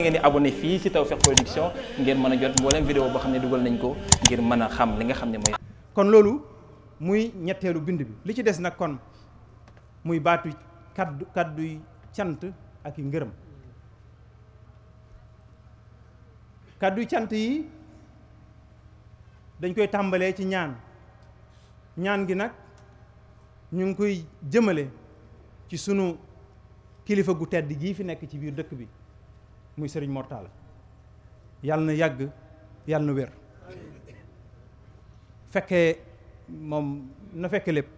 ngeen di abonné fii ci Tawfekh Production ngeen mën a jot mboolem vidéo boo xam ne dugal nañ ko ngir mën a xam li nga xam ne kon loolu muy ñetteelu bind bi li ci des nag kon muy baatu kaddu kadduy cant ak i ngërëm kadduy cant yi dañ koy tàmbalee ci ñaan ñaan gi nag ñu ngi koy jëmale ci sunu kilifa gu tedd gii fi nekk ci biir dëkk bi. muy sëriñ mortal yàlla na yàgg yàlla na wér fekkee moom na fekke lépp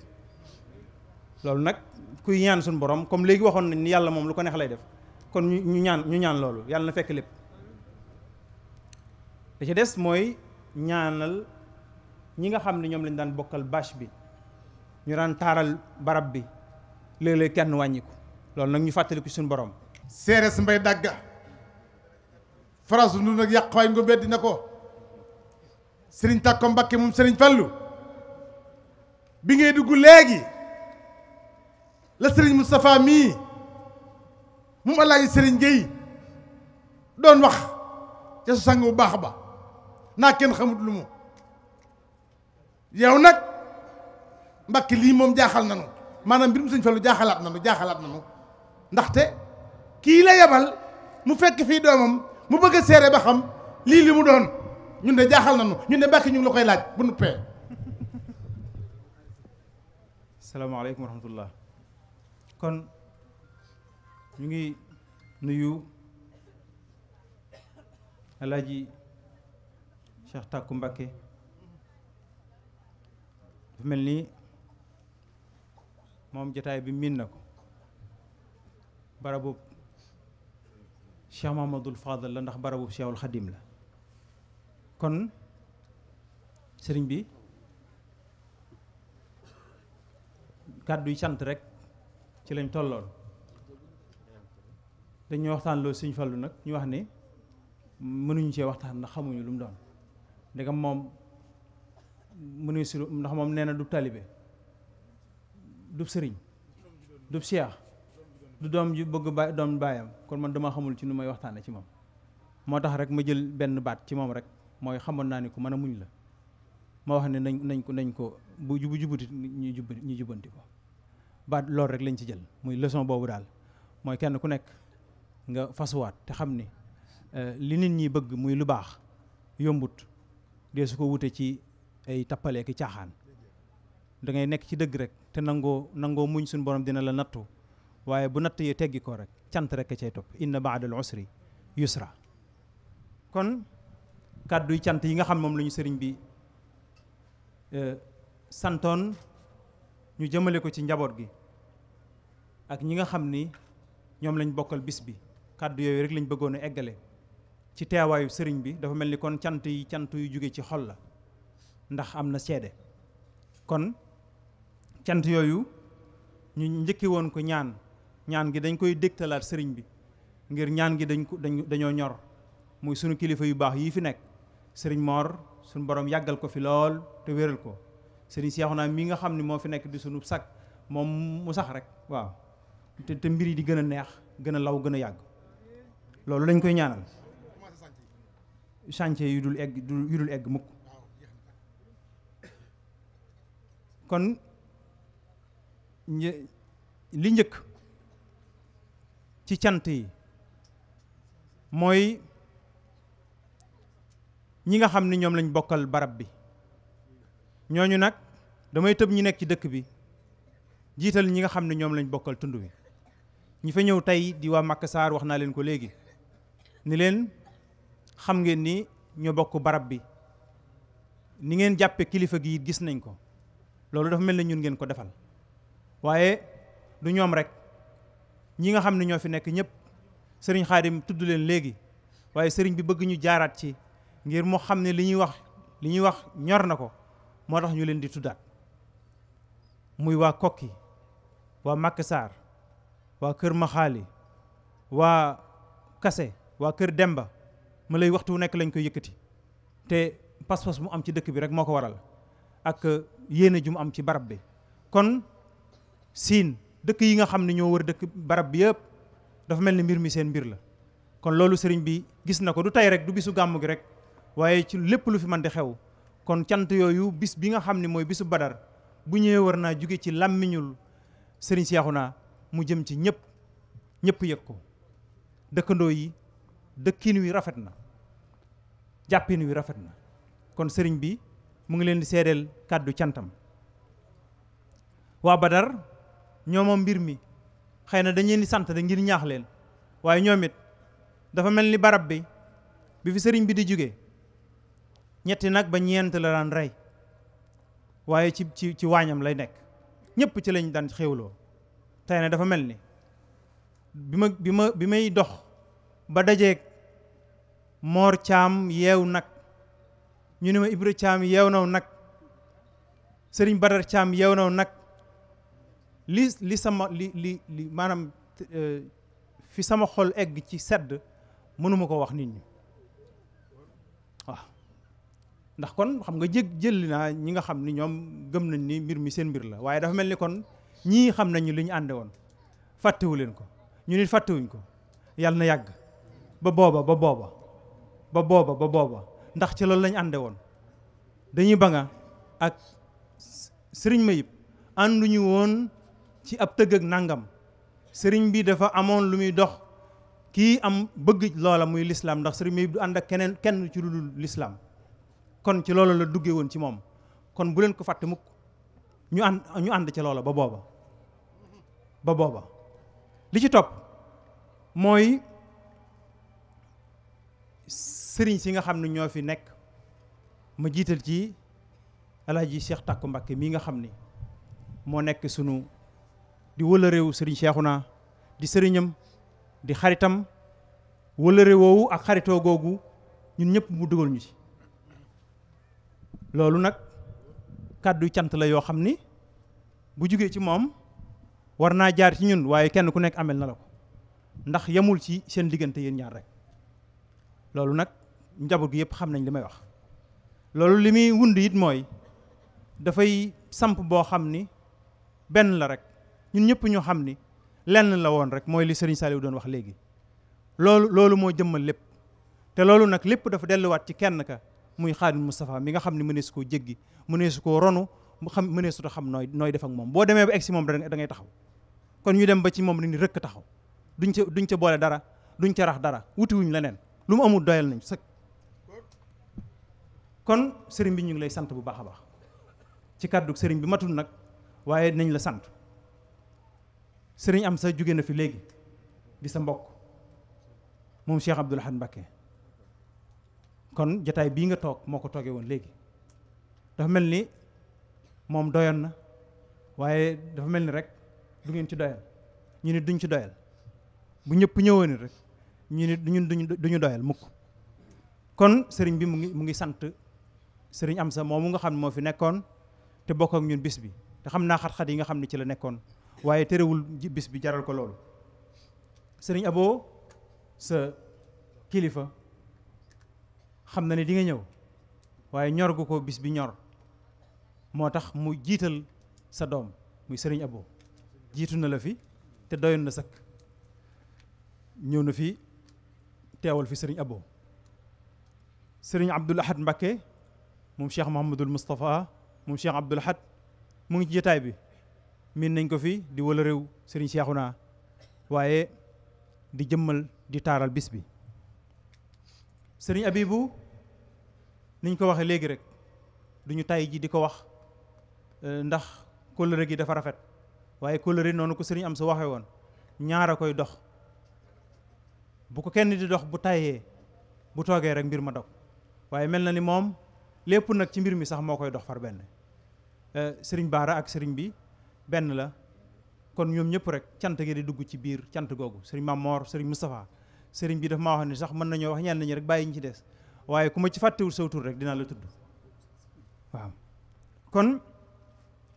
loolu nag kuy ñaan suñ borom comme léegi waxoon nañ ni yàlla moom lu ko neex lay def kon ñu ñaan ñu ñaan loolu yàlla na fekk lépp da ci des mooy ñaanal ñi nga xam ne ñoom lañ daan bokkal bâche bi ñu daan taaral barab bi léeg-léeg kenn wàññiku loolu nag ñu fàttaliku suñu borom séeréer mbay dàgga France du nag yàq waaye nga beddi na ko sëriñ Tàkko Mbakke moom sëriñ Fallu bi ngay dugg léegi la sëriñ Moustapha mii moom Alaaji sëriñ Géy doon wax ca sa sang bu baax ba naa kenn xamut lu mu yow nag Mbakke lii moom jaaxal nanu maanaam mbirum sëriñ Fallu jaaxalaat nanu jaaxalaat nanu ndaxte kii la yebal mu fekk fii doomam mu bëgg seere ba xam lii li mu doon ñun de jaaxal nañu ñun de mbàkki ñu ngi la koy laaj bu nuppee salaamaaleykum wa rahmatullah kon ñu ngi nuyu laaj yi Cheikh Tàkku Mbàkke dafa mel nii moom jataay bi miin na ko bara boobu Cheikh Mamadul Fadal la ndax barabu Cheikhul Xadim la kon sëriñ bi kàddu yi sant rek ci lañ tolloon dañoo waxtaan loolu sëñ Fallu nag ñu wax ni mënuñu cee waxtaan ndax xamuñu lum doon ndegam moom mënuñu si ndax moom nee na du talibe du sëriñ du seex du doom ju bëgg baay doom baayam kon man dama xamul ci nu may waxtaane ci moom moo tax rek ma jël benn baat ci moom rek mooy xamoon naa ni ku mën a muñ la ma wax ne nañ nañ ko nañ ko bu jubu jubuti ñu jub ñu jubanti ko baat loolu rek lañ ci jël muy leçon boobu daal mooy kenn ku nekk nga fasuwaat te xam ni euh, li nit ñi bëgg muy lu baax yombut dee su ko wutee ci ay tappaleeki caaxaan dangay nekk ci dëgg rek te nangoo nangoo muñ suñu borom dina la nattu waaye bu natt yi teggi ko rek cant rek a cay topp inna baadal usri yusra kon kàdduy cant yi nga xam moom la ñu sëriñ bi e, santoon ñu jëmale ko ci njaboot gi ak ñi nga xam ni ñoom lañ bokkal bis bi kàddu yooyu rek lañ bëggoon a eggale ci teewaayu sëriñ bi dafa mel ni kon cant yi cant yu jóge ci xol la ndax am na seede kon cant yooyu ñu njëkki woon ko ñaan ñaan gi dañ koy dégtalaat sëriñ bi ngir ñaan gi dañ ko dañoo ñor muy sunu kilifa yu baax yii fi nekk sëriñ Mor suñu borom yàggal ko fi lool te wéral ko sëriñ Seexuna mi nga xam ni moo fi nekk di sunu sag moom mu sax rek waaw te te mbir yi di gën a neex gën a law gën a yàgg loolu lañ koy ñaanal chantier yu dul egg yu dul egg mukk kon li njëkk ci cant yi mooy ñi nga xam ni ñoom lañ bokkal barab bi ñooñu nag damay tëb ñi nekk ci dëkk bi jiital ñi nga xam ne ñoom lañ bokkal tund wi ñi fa ñëw tey di waa Màkka Saar wax naa leen ko léegi ni leen xam ngeen ni ñoo bokk barab bi ni ngeen jàppe kilifa gi gis nañ ko loolu dafa mel ne ñun ngeen ko defal waaye du ñoom rek ñi nga xam ne ñoo fi nekk ñëpp sëriñ xaadim tudd leen léegi waaye sëriñ bi bëgg ñu jaaraat ci ngir mu xam ne li ñuy wax li ñuy wax ñor na ko moo tax ñu leen di tuddaat muy waa kokki waa Makassar waa kër maxaali waa kase waa kër demba ma lay waxtu nekk lañ koy yëkkati te pas-pas mu am ci dëkk bi rek moo ko waral ak yéene ju mu am ci barab bi kon siin dëkk yi nga xam ne ñoo wër dëkk barab bi yëpp dafa mel ni mbir mi seen mbir la kon loolu sëriñ bi gis na ko du tey rek du bisu gàmmu gi rek waaye ci lépp lu fi mën di xew kon cant yooyu bis bi nga xam ni mooy bisu badar bu ñëwee war naa jóge ci làmmiñul sëriñ naa mu jëm ci ñépp ñëpp yëg ko dëkkandoo yi dëkkiin wi rafet na jàppin wi rafet na kon sëriñ bi mu ngi leen di seedeel kàddu cantam waa badar ñoomam mbir mi xëy na dañ leen di sant ngir ñaax leen waaye ñoom it dafa mel ni barab bi bi fi sëriñ bi di jóge ñetti nag ba ñeent la daan rey waaye ci ci ci waañam lay nekk ñépp ci lañ daan xewloo tey na dafa mel ni bi ma bi may dox ba dajeek moor caam yeew nag ñu ne ma ibra caam yeew naw nag sëriñ badar caam yeew naw nag li li sama li li li maanaam euh, fi sama xol egg ci sedd mënuma ko wax nit ñu waaw ndax kon xam nga jeg jëli naa ñi nga xam ni ñoom gëm nañ ni mbir mi seen mbir la waaye dafa mel ni kon ñii xam nañu li ñu ànde woon fàttewu leen ko ñu nit fàttewuñ ko yàlla na yàgg ba booba ba booba ba booba ba booba ndax ci loolu lañ ànde woon dañuy ba nga ak sëriñ Mayib ànduñu woon ci ab tëgg ak nangam sëriñ bi dafa amoon lu muy dox kii am bëgg loola muy lislaam ndax sëriñ bi du ànd ak keneen kenn ci lu dul lislaam kon ci loola la duggee woon ci moom kon bu leen ko fàtte mukk ñu ànd ñu ànd ci loola ba booba ba booba li ci topp mooy sëriñ si nga xam ne ñoo fi nekk ma jiital ci alaaji Cheikh Takku Mbakke mii nga xam ni moo nekk sunu di wëlërewu sëriñ Cheikhouna di sëriñam di xaritam wëlëre woowu ak xaritoo googu ñun ñëpp mu dugal ñu ci loolu nag kàddu cant la yoo xam ni bu jugee ci moom war naa jaar ci ñun waaye kenn ku nekk amel na la ko ndax yemul ci seen diggante yéen ñaar rek loolu nag njaboot gi yëpp xam nañ li may wax loolu li muy wund it mooy dafay samp boo xam ni benn la rek ñun ñëpp ñu xam ni lenn la woon rek mooy li Serigne Saliou doon wax léegi loolu loolu moo jëmmal lépp te loolu nag lépp dafa delluwaat ci kenn ka muy Xaadim Moustapha mi nga xam ne mënees koo jéggi mënees koo ronu mu xam mëneesuta xam nooy nooy def ak moom boo demee ba egg si moom da ngay taxaw kon ñu dem ba ci moom ni rëkk taxaw duñ ca duñ ca boole dara duñ ca rax dara wutiwuñ leneen lu mu amul doyal nañ sëkk kon sëriñ bi ñu ngi lay sant bu baax a baax ci kàddu sëriñ bi matul nag waaye nañ la sant sëriñ am sa jóge na fi léegi di sa mbokk moom Cheikh Abdoul Ahad Mbacké kon jataay bii nga toog moo ko toogee woon léegi dafa mel ni moom doyoon na waaye dafa mel ni rek du ngeen ci doyal ñu ni duñ ci doyal bu ñëpp ñëwoon rek ñu ni duñu duñu doyal mukk kon sëriñ bi mu ngi mu ngi sant sëriñ am sa moomu nga xam ne moo fi nekkoon te bokk ak ñun bis bi te xam naa xat-xat yi nga xam ni ci la nekkoon waaye terewul bis bi jaral ko loolu sëriñ Abo sa kilifa xam na ne di nga ñëw waaye ñor gu ko bis bi ñor moo tax mu jiital sa doom muy sëriñ Abo jiitu na la fi te doyoon na sëkk ñëw na fi teewal fi sëriñ Abo sëriñ Abdul Ahad Mbakke moom Cheikh Mouhamadul Moustapha moom Cheikh Abdul Ahad mu ngi ci jotaay bi miin nañ ko fi di wala réew sëriñ seexu naa waaye di jëmmal di taaral bis bi sëriñ Abibu niñ ko waxee léegi rek duñu tay ji di ko wax euh, ndax kóllëre gi dafa rafet waaye kóllëre noonu ko sëriñ am sa waxee woon ñaar a koy dox bu ko kenn di dox bu tayee bu toogee rek mbir ma dog waaye mel na ni moom lépp nag ci mbir mi sax moo koy dox far benn euh, sëriñ Baara ak sëriñ bi benn la kon ñoom ñëpp rek cant gi di dugg ci biir cant googu sëriñ mamoor sëriñ Moustapha sëriñ bi dafa maa wax ne sax mën nañoo wax ñaan nañu rek bàyyi ñu ci des waaye ku ma ci fàttewul saw tur rek dinaa la tudd waaw kon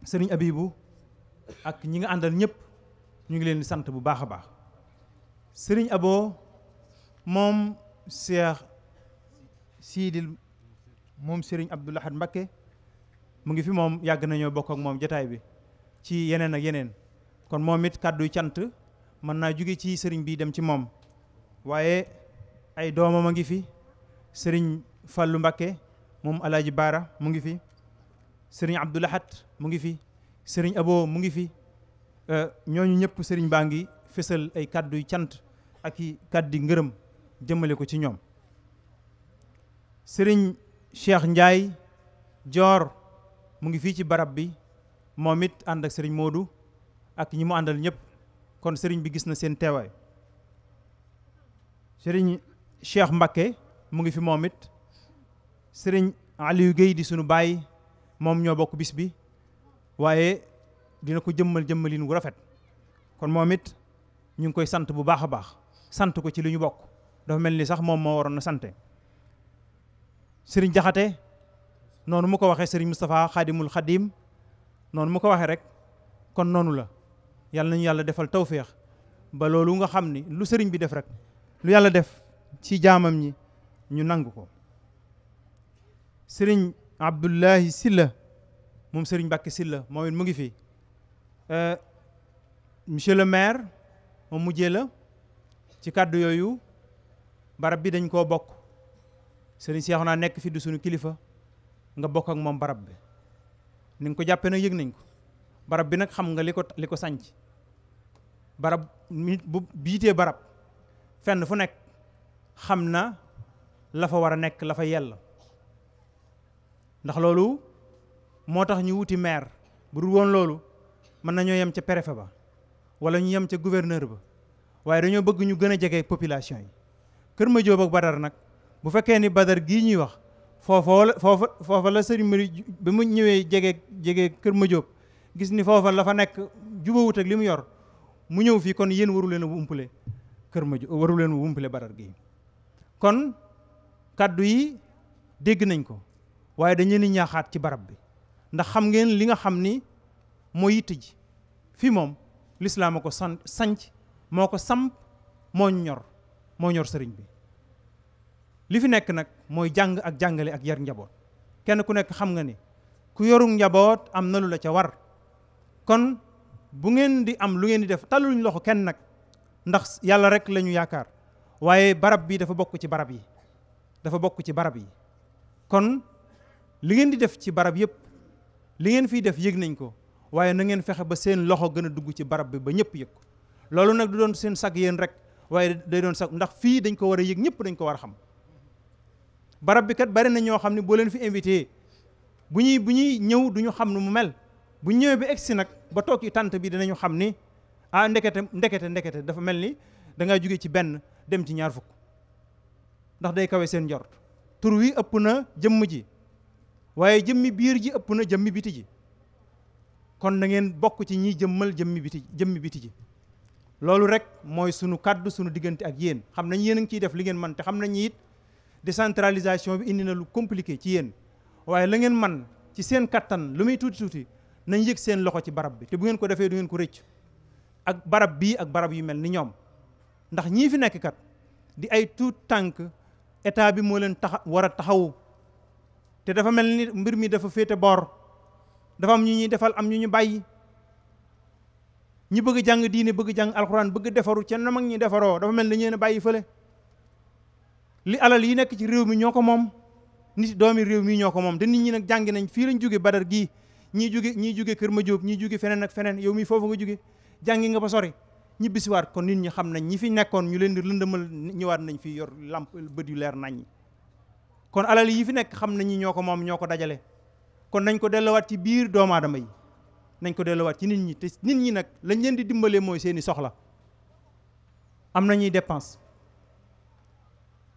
sëriñ Abibu ak ñi nga àndal ñëpp ñu ngi leen di sant bu baax a baax sëriñ Abo moom Cheikh Sidil moom sëriñ Abdoul Ahad Mbacké mu ngi fi moom yàgg nañoo bokk ak moom jataay bi ci yeneen ak yeneen kon moom it kàddu cant mën naa jóge ci sëriñ bi dem ci moom waaye ay doomam a ngi fi sëriñ fàllu Mbakke moom Alaaji Baara mu ngi fi sëriñ Abdoulahat mu ngi fi sëriñ Abo mu ngi fi euh, ñooñu ñëpp sëriñ baa ngi fësal ay kàddu cant ak i kàddi ngërëm jëmale ko ci ñoom sëriñ Cheikh Ndiaye Joor mu ngi fii ci barab bi moom it ànd ak sëriñ Modou ak ñi mu àndal ñëpp kon sëriñ bi gis na seen teewaay sëriñ Cheikh Mbakke mu ngi fi moom it sëriñ Aliou Guèye di sunu baay moom ñoo bokk bis bi waaye dina ko jëmmal jëmmalin wu rafet kon moom it ñu ngi koy sant bu baax a baax sant ko ci li ñu bokk dafa mel ni sax moom moo waroon na sante sëriñ Jaxate noonu mu ko waxee sëriñ Moustapha Xaadimul Xadim noonu mu ko waxee rek kon noonu la yàlla nañu yàlla defal tawféex ba loolu nga xam ni lu sëriñ bi def rek lu yàlla def ci jaamam ñi ñu nangu ko sëriñ Abdullahi Silla moom sëriñ Mbàkke Silla moom it mu ngi fii euh, monsieur le maire moom mujjee la ci kàddu yooyu barab bi dañ koo bokk sëriñ naa nekk fi du suñu kilifa nga bokk ak moom barab bi ni ko jàppee nag yëg nañ ko barab bi nag xam nga li ko li ko sanc barab bu biitee barab fenn fu nekk xam na la fa war a nekk la fa yell ndax loolu moo tax ñu wuti maire bu dul woon loolu mën nañoo yem ca préfet ba walla ñu yem ca gouverneur ba waaye dañoo bëgg ñu gën a jege population yi Kër ma ak Badar nag bu fekkee ni Badar gii ñuy wax foofa la foofa foofa la sëriñ bi mu ñëwee jege jege kër Madiop gis ni foofa la fa nekk jubawut ak li mu yor mu ñëw fii kon yéen waru leen a wumpale kër Madiop waru leen a wumpale gi kon kàddu yi dégg nañ ko waaye dañu leen ñaaxaat ci barab bi ndax xam ngeen li nga xam ni moo yitte ji fii moom lislaam a ko sanc moo ko samp moo ñor moo ñor sëriñ bi li fi nekk nag mooy jàng ak jàngale ak yar njaboot kenn ku nekk xam nga ni ku yorug njaboot am na lu la ca war kon bu ngeen di am lu ngeen di def taluñ loxo kenn nag ndax yàlla rek la ñu yaakaar waaye barab bi dafa bokk ci barab yi dafa bokk ci barab yi kon li ngeen di def ci barab yëpp li ngeen fiy def yëg nañ ko waaye na ngeen fexe ba seen loxo gën a dugg ci barab bi ba ñëpp yëg ko loolu nag du doon seen sag yéen rek waaye day doon sag ndax fii dañ ko war a yëg ñëpp dañ ko war a xam barab bi kat bari na ñoo xam ne boo leen fi invité bu ñuy bu ñuy ñëw duñu xam nu mu mel bu ñëwee ba egsi nag ba toog ci tànt bi dinañu xam ni ah ndekete ndekete ndekete dafa mel ni dangay jóge ci benn dem ci ñaar fukk ndax day kawe seen njort tur wi ëpp na jëmm ji waaye jëmmi biir ji ëpp na jëmmi biti ji kon na ngeen bokk ci ñiy jëmmal jëmmi biti jëmmi biti ji loolu rek mooy sunu kàddu sunu diggante ak yéen xam nañ yéen a ngi ciy def li ngeen mën te xam nañ it décentralisation bi indi na lu compliqué ci yéen waaye la ngeen man ci seen kattan lu muy tuuti tuuti nañ yëg seen loxo ci barab bi te bu ngeen ko defee du ngeen ko rëcc ak barab bii ak barab yu mel ni ñoom ndax ñii fi nekk kat di ay tuut tànk état bi moo leen taxa war a taxawu te dafa mel ni mbir mi dafa féete boor dafa am ñu ñuy defal am ñu ñu bàyyi ñi bëgg jàng diine bëgg jàng alxuraan bëgg defaru ca na mag ñi defaroo dafa mel ni ñeen a bàyyi fële li alal yi nekk ci réew mi ñoo ko moom nit doomi réew mi ñoo ko moom te nit ñi nag jàngi nañ fii lañ jóge badar gii ñii jóge ñii jóge Kër ma Madiop ñii jóge feneen ak feneen yow mii foofu nga jóge jàngi nga ba sori ñibbisiwaat kon nit ñi xam nañ ñi fi nekkoon ñu leen di lëndëmal ñëwaat nañ fi yor lamp bët yu leer nañ kon alal yi fi nekk xam nañ ñi ñoo ko moom ñoo ko dajale kon nañ ko delluwaat ci biir doomu aadama yi nañ ko delluwaat ci nit ñi te nit ñi nag lañ leen di dimbalee mooy seeni soxla am nañuy dépense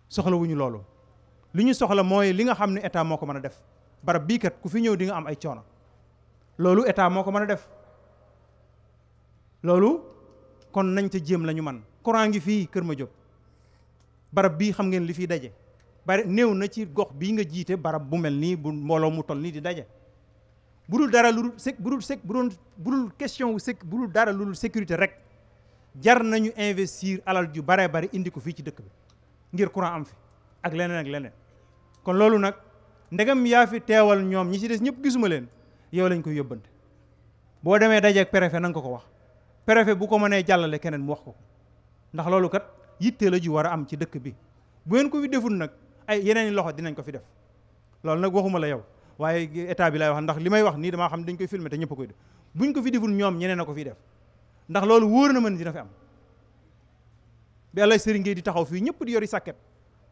soxlawuñu loolu li ñu soxla mooy li nga xam ne état moo ko mën a def barab bii kat ku fi ñëw di nga am ay coono loolu état moo ko mën a def loolu kon nañ ca jéem lañu man courant ngi fii Kër ma Madiop barab bii xam ngeen li fiy daje bari néew na ci gox bii nga jiite barab bu mel nii bu mbooloo mu toll nii di daje bu dul dara lu dul sec bu dul sec bu dul question wu sec dara lu dul sécurité rek jar nañu investir alal ju baree bari indi ko fii ci dëkk bi ngir courant am fi ak leneen ak leneen kon loolu nag ndegam yaa fi teewal ñoom ñi ci des ñëpp gisuma leen yow lañ koy yóbbante boo demee dajeeg préfet na nga ko ko wax perefe bu ko mënee jàllale keneen mu wax ko ndax loolu kat yittee la ju war a am ci dëkk bi bu ngeen ko fi deful nag ay yeneen i loxo dinañ ko fi def loolu nag waxuma la yow waaye état bi laay wax ndax li may wax nii damaa xam dañ koy filmer te ñëpp koy def buñ ko fi deful ñoom ñeneen a ko fiy def ndax loolu wóor na mën dina fi am bi El di taxaw fii ñëpp di yori sàkket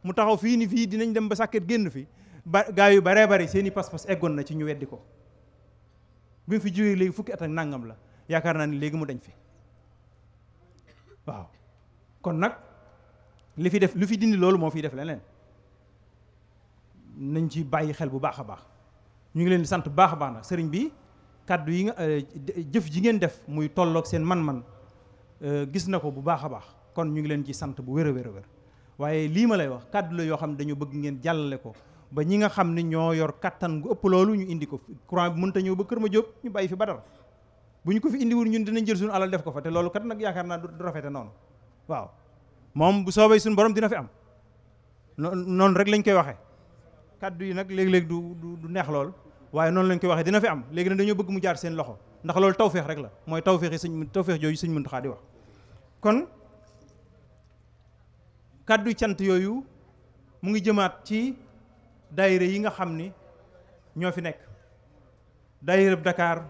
mu taxaw fii ni fii dinañ dem ba sàkket génn fi ba yu baree bari seen i pas-pas eggoon na ci ñu weddi ko fi jógee léegi fukki at nangam la yaakaar naa ni léegi mu dañ fi waaw kon nag li fi def lu fi dindi loolu moo fiy def leneen nañ ci bàyyi xel bu baax a baax ñu ngi leen sant bu baax a baax nag sëriñ bi kàddu yi nga jëf ji ngeen def muy tolloog seen man-man gis na ko bu baax a baax kon ñu ngi leen ci sant bu wér a wér a wér waaye lii ma lay wax kàddu la yoo xam ne dañoo bëgg ngeen jàllale ko ba ñi nga xam ne ñoo yor kàttan gu ëpp loolu ñu indi ko courant bi mënta ñëw ba Kër ma ñu bàyyi fi Badar bu ñu ko fi indiwul ñun dinañ jël suñu alal def ko fa loolu kat nag yaakaar rafete noonu waaw moom bu soobee suñu borom dina fi am noonu rek lañ koy waxee kaddu yi nag léeg-léeg du du neex lool waaye noonu lañ koy waxe dina fi am léegi ne dañoo bëgg mu jaar seen loxo ndax loolu tawféex rek la mooy tawféex yi sëñ tawféex jooju sëñ Muntaxa di wax kon kàddu cant yooyu mu ngi jëmaat ci dayre yi nga xam ni ñoo fi nekk daayira bu Dakar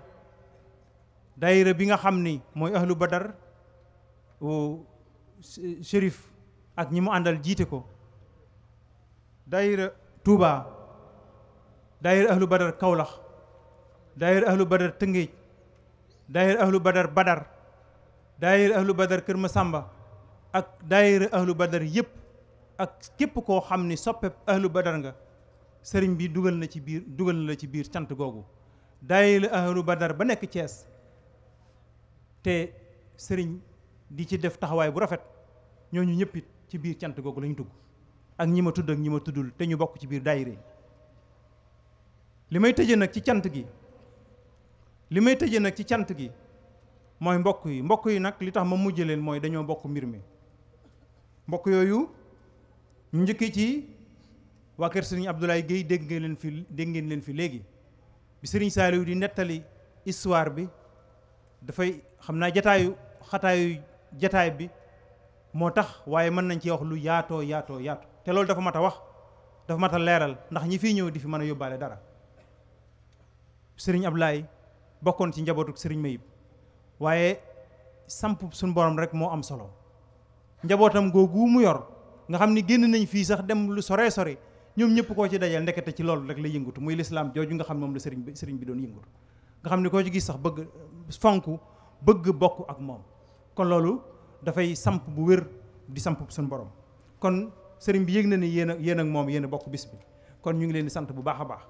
daayira bi nga xam ni mooy ahlu badar shérif ak ñi mu àndal jiite ko daayira Touba daayira ahlu badar Kaolack daayira ahlu badar Tëngéej daayira ahlu badar Badar daayira ahlu badar Kër sàmba ak daayira ahlu badar yépp ak képp koo xam ni soppeb ahlu badar nga sëriñ bi dugal na ci biir dugal la ci biir cant googu daayira ahlu badar ba nekk Cees te sëriñ di ci def taxawaay bu rafet ñooñu ñëpp it ci biir cant googu lañu dugg ak ñi ma tudd ak ñi ma tuddul te ñu bokk ci biir daayira li may tëje nag ci cant gi li may tëje nag ci cant gi mooy mbokk yi mbokk yi nag li tax ma mujj leen mooy dañoo bokk mbir mi mbokk yooyu ñu njëkkee ci waa kër sëriñ Abdoulaye Guèye dégg ngeen leen fi dégg ngeen leen fi léegi bi sëriñ Saliou di nettali histoire bi dafay xam naa jataayu xataayu jataay bi moo tax waaye mën nañ ci wax lu yaatoo yaatoo yaatoo te loolu dafa mat a wax dafa mat a leeral ndax ñi fiy ñëw di fi mën a yóbbaale dara sëriñ Abdoulaye bokkoon ci njabootu sëriñ Mayib waaye samp suñu borom rek moo am solo njabootam googu mu yor nga xam ni génn nañ fii sax dem lu sore sore ñoom ñëpp koo ci dajal ndekete ci loolu rek la yëngatu muy lislaam jooju nga xam ne moom la sëriñ bi sëriñ nga xam ne koo ci gis sax bëgg fonku bëgg bokk ak moom kon loolu dafay samp bu wér di samp suñu borom kon sëriñ bi yëg na ni yéen ak yéen ak moom yéen bokk bis bi kon ñu ngi leen di sant bu baax a baax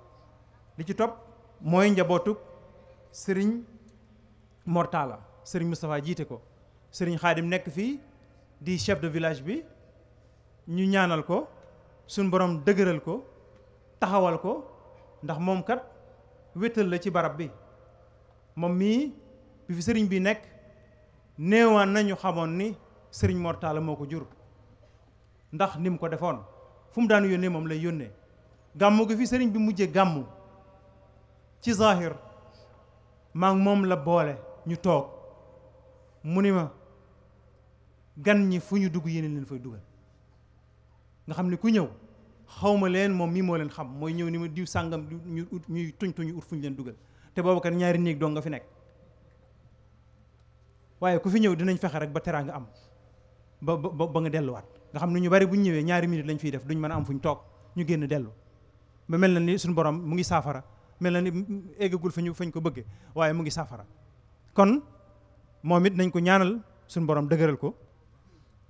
li ci topp mooy njabootuk sëriñ Mortala sëriñ Moustapha jiite ko sëriñ Xaadim nekk fii di chef de village bi ñu ñaanal ko suñ borom dëgëral ko taxawal ko ndax moom kat wétal la ci barab bi moom mii bi fi sëriñ bi nekk néewaan nañu xamoon ni sëriñ Mortalla moo ko jur ndax ni mu ko defoon fu mu daan yónnee moom lay yónnee gàmmu gi fi sëriñ bi mujjee gàmmu ci zahir maa moom la boole ñu toog mu ni ma gan ñi fu ñu dugg yéen leen fay dugal nga xam ne ku ñëw xawma leen moom mii moo leen xam mooy ñëw ni ma diw sàngam ñu ut ñuy tuñ tuñu ut fu ñu leen dugal te boobu kat ñaari néeg dong nga fi nekk waaye ku fi ñëw dinañ fexe rek ba teraa nga am ba ba ba nga delluwaat nga xam ne ñu bari bu ñu ñëwee ñaari minute lañ fiy def duñ mën a am fu ñu toog ñu génn dellu ba mel na ni suñu borom mu ngi saafara mel na ni eggagul fa ñu fañ ko bëggee waaye mu ngi saafara kon moom it nañ ko ñaanal suñu borom dëgëral ko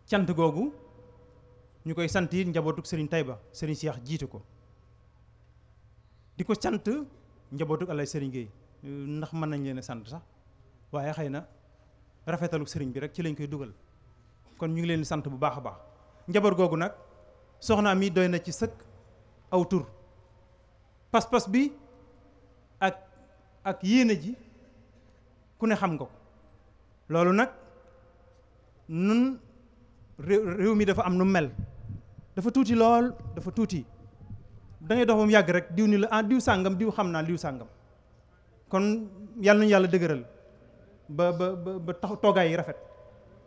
cant googu ñu koy sant it njabootuk sëriñ tay ba sëriñ Cheikh jiitu ko di ko sant njabootuk Alay sëriñ Gueye ndax mën nañ leen a sant sax waaye xëy na rafetalu sëriñ bi rek ci lañ koy dugal kon ñu ngi leen sant bu baax a baax njaboot googu nag soxna mi doy na ci sëkk aw tur pas-pas bi ak ak yéene ji ku ne xam nga ko loolu nag nun réew mi dafa am nu mel dafa tuuti lool dafa tuuti da ngay yàgg rek diw ni la ah diw sàngam diw xam naa diw sàngam kon yàlla nañu yàlla dëgëral ba ba ba tax toogaay yi rafet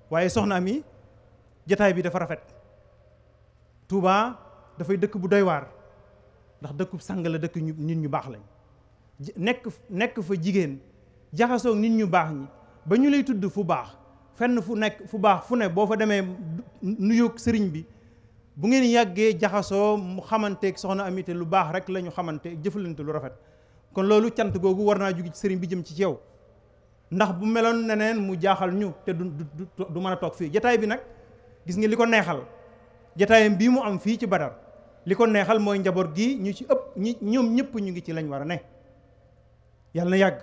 waaye soxnaam yi jataay bi dafa rafet Touba dafay dëkk bu doy waar ndax dëkku sang la dëkk ñu nit ñu baax lañ nekk nekk fa jigéen jaxasoog nit ñu baax ñi ba ñu lay tudd fu baax fenn fu nekk fu baax fu ne boo fa demee nuyoog sëriñ bi bu ngeen yàggee jaxasoo mu xamanteek soxna amité lu baax rek la ñu xamante jëfalante lu rafet kon loolu cant googu war naa jóge sëriñ bi jëm ci yow ndax bu meloon neneen mu jaaxal ñu te du du mën a toog fii jataay bi nag gis nga li ko neexal jataayam bii mu am fii ci Badar li ko neexal mooy njaboot gi ñu ci ëpp ñi ñoom ñëpp ñu ngi ci lañ war a ne yàlla na yàgg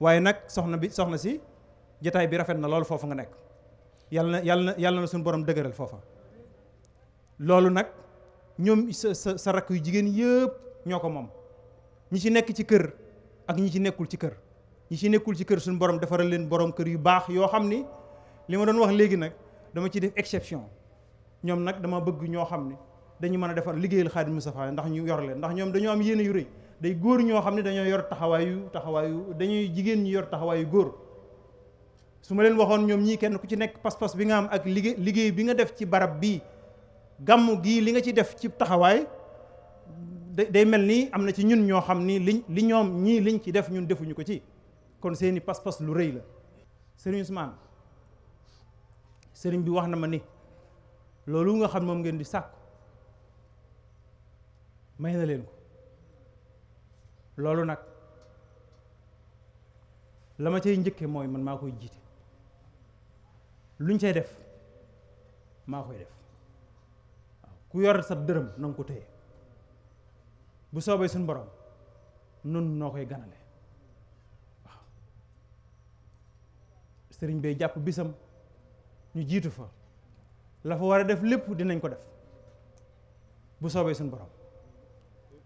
waaye nag soxna bi soxna si jataay bi rafet na loolu foofu nga nekk yàlla na yàlla na yàlla na borom dëgëral foofa loolu nag ñoom sa sa rakk yu jigéen yëpp ñoo ko moom ñi ci nekk ci kër ak ñi ci nekkul ci kër ñi ci nekkul ci kër suñ borom defaral leen borom kër yu baax yoo xam ni li ma doon wax léegi nag dama ci def exception ñoom nag dama bëgg ñoo xam ne dañu mën a defar liggéeyal Xaadim Mustafaa ndax ñu yor leen ndax ñoom dañoo am yéene yu rëy day góor ñoo xam ne dañoo yor taxawaayu taxawaayu dañuy jigéen ñu yor taxawaayu góor su ma leen waxoon ñoom ñii kenn ku ci nekk pas-pas bi nga am ak liggéey liggéey bi nga def ci barab bi gàmmu gii li nga ci def ci taxawaay day mel nii am na ci ñun ñoo xam ni liñ li ñoom ñii liñ ci def ñun defuñu ko ci kon seeni pas lu rëy la sëriñ Ousmane sëriñ bi wax na ma ni loolu nga xam moom ngeen di sàkku may na leen ko loolu nag la ma cay njëkke mooy man maa koy jiite luñ cay def maa koy def ku yor sa dërëm na nga ko téye bu soobee suñ borom nun noo koy ganale waaw sëriñ bay jàpp bisam ñu jiitu fa la fa war a def lépp dinañ ko def bu soobee suñ borom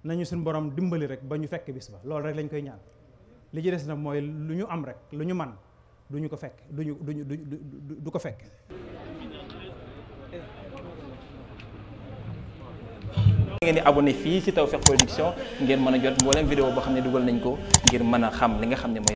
nañu suñu borom dimbali rek ba ñu fekk bis ba loolu rek lañ koy ñaan li ci des nag mooy lu ñu am rek lu ñu man duñu ko fekk duñu duñu du du ko fekk ngeen di abonné fii ci Tawfekh Production ngeen mën a jot mboolem vidéo boo xam ne dugal nañ ko ngir mën a xam li nga xam ne mooy